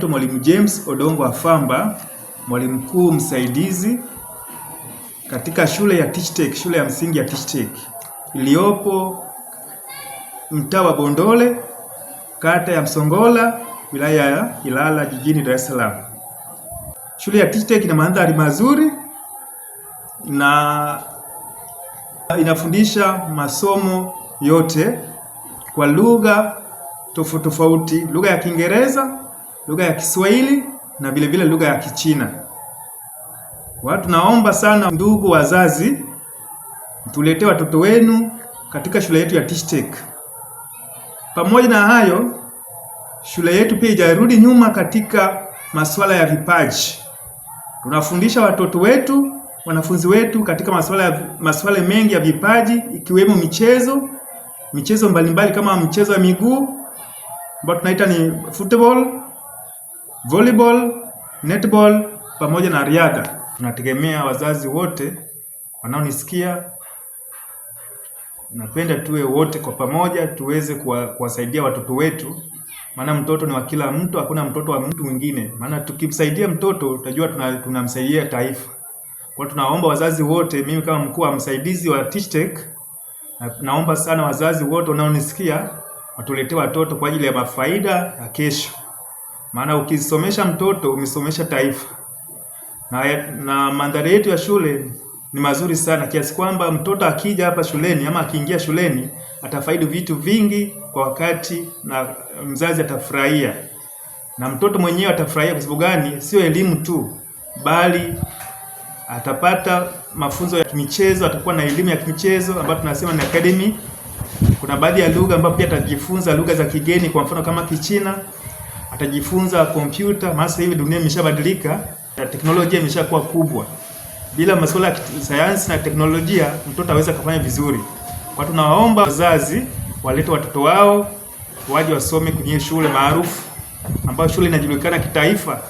naitwa Mwalimu James Odongo Afamba, mwalimu mkuu msaidizi katika shule ya Tichtech, shule ya msingi ya Tichtech iliyopo mtaa wa Bondole, kata ya Msongola, wilaya ya Ilala, jijini Dar es Salaam. Shule ya Tichtech ina mandhari mazuri na inafundisha masomo yote kwa lugha tofauti tofauti, lugha ya Kiingereza lugha ya Kiswahili na vile vile lugha ya Kichina. Watu, naomba sana ndugu wazazi, mtuletee watoto wenu katika shule yetu ya Tishtek. Pamoja na hayo, shule yetu pia ijarudi nyuma katika masuala ya vipaji. Tunafundisha watoto wetu, wanafunzi wetu katika masuala ya masuala mengi ya vipaji ikiwemo michezo, michezo mbalimbali kama mchezo wa miguu ambao tunaita ni football volleyball, netball pamoja na riadha. Tunategemea wazazi wote wanaonisikia, napenda tuwe wote kwa pamoja tuweze kuwasaidia watoto wetu, maana mtoto ni wa kila mtu, hakuna mtoto wa mtu mwingine. Maana tukimsaidia mtoto utajua tunamsaidia tuna taifa. Kwa tunaomba wazazi wote, mimi kama mkuu wa msaidizi wa TISTEC na, naomba sana wazazi wote wanaonisikia watuletee watoto kwa ajili ya mafaida ya kesho maana ukisomesha mtoto umesomesha taifa. Na, na mandhari yetu ya shule ni mazuri sana kiasi kwamba mtoto akija hapa shuleni ama akiingia shuleni atafaidi vitu vingi kwa wakati, na mzazi atafurahia na mtoto mwenyewe atafurahia. Kwa sababu gani? Sio elimu tu, bali atapata mafunzo ya kimichezo, atakuwa na elimu ya kimichezo ambayo tunasema ni academy. Kuna baadhi ya lugha ambapo pia atajifunza lugha za kigeni, kwa mfano kama Kichina atajifunza kompyuta, maana sasa hivi dunia imeshabadilika na teknolojia imeshakuwa kubwa. Bila masuala ya sayansi na teknolojia mtoto aweza kufanya vizuri. Kwa tunawaomba wazazi walete watoto wao waje wasome kwenye shule maarufu ambayo shule inajulikana kitaifa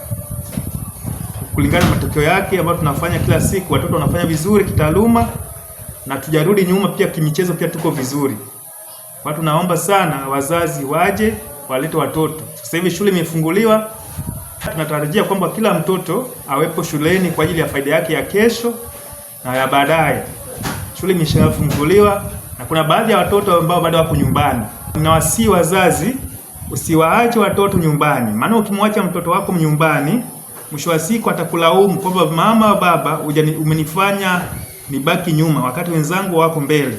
kulingana na matokeo yake ambayo tunafanya kila siku. Watoto wanafanya vizuri kitaaluma na tujarudi nyuma, pia kimichezo pia tuko vizuri. Kwa tunaomba sana wazazi waje walete watoto. Sasa hivi shule imefunguliwa, tunatarajia kwamba kila mtoto awepo shuleni kwa ajili ya faida yake ya kesho na ya baadaye. Shule imeshafunguliwa na kuna baadhi ya watoto ambao bado wako nyumbani. Nawasii wazazi, usiwaache watoto nyumbani, maana ukimwacha mtoto wako nyumbani, mwisho wa siku atakulaumu kwamba mama, wa baba, umenifanya nibaki nyuma wakati wenzangu wako mbele.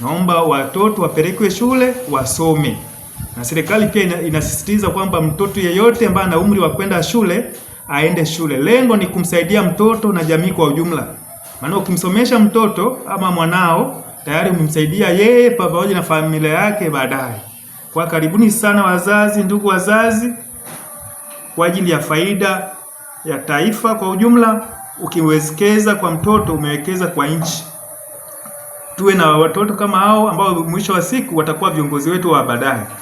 Naomba watoto wapelekwe shule wasome na serikali pia inasisitiza kwamba mtoto yeyote ambaye ana umri wa kwenda shule aende shule. Lengo ni kumsaidia mtoto na jamii kwa ujumla, maana ukimsomesha mtoto ama mwanao tayari umemsaidia yeye pamoja na familia yake baadaye. Kwa karibuni sana wazazi, ndugu wazazi, kwa ajili ya faida ya taifa kwa ujumla. Ukiwekeza kwa mtoto umewekeza kwa nchi. Tuwe na watoto kama hao ambao mwisho wa siku watakuwa viongozi wetu wa baadaye.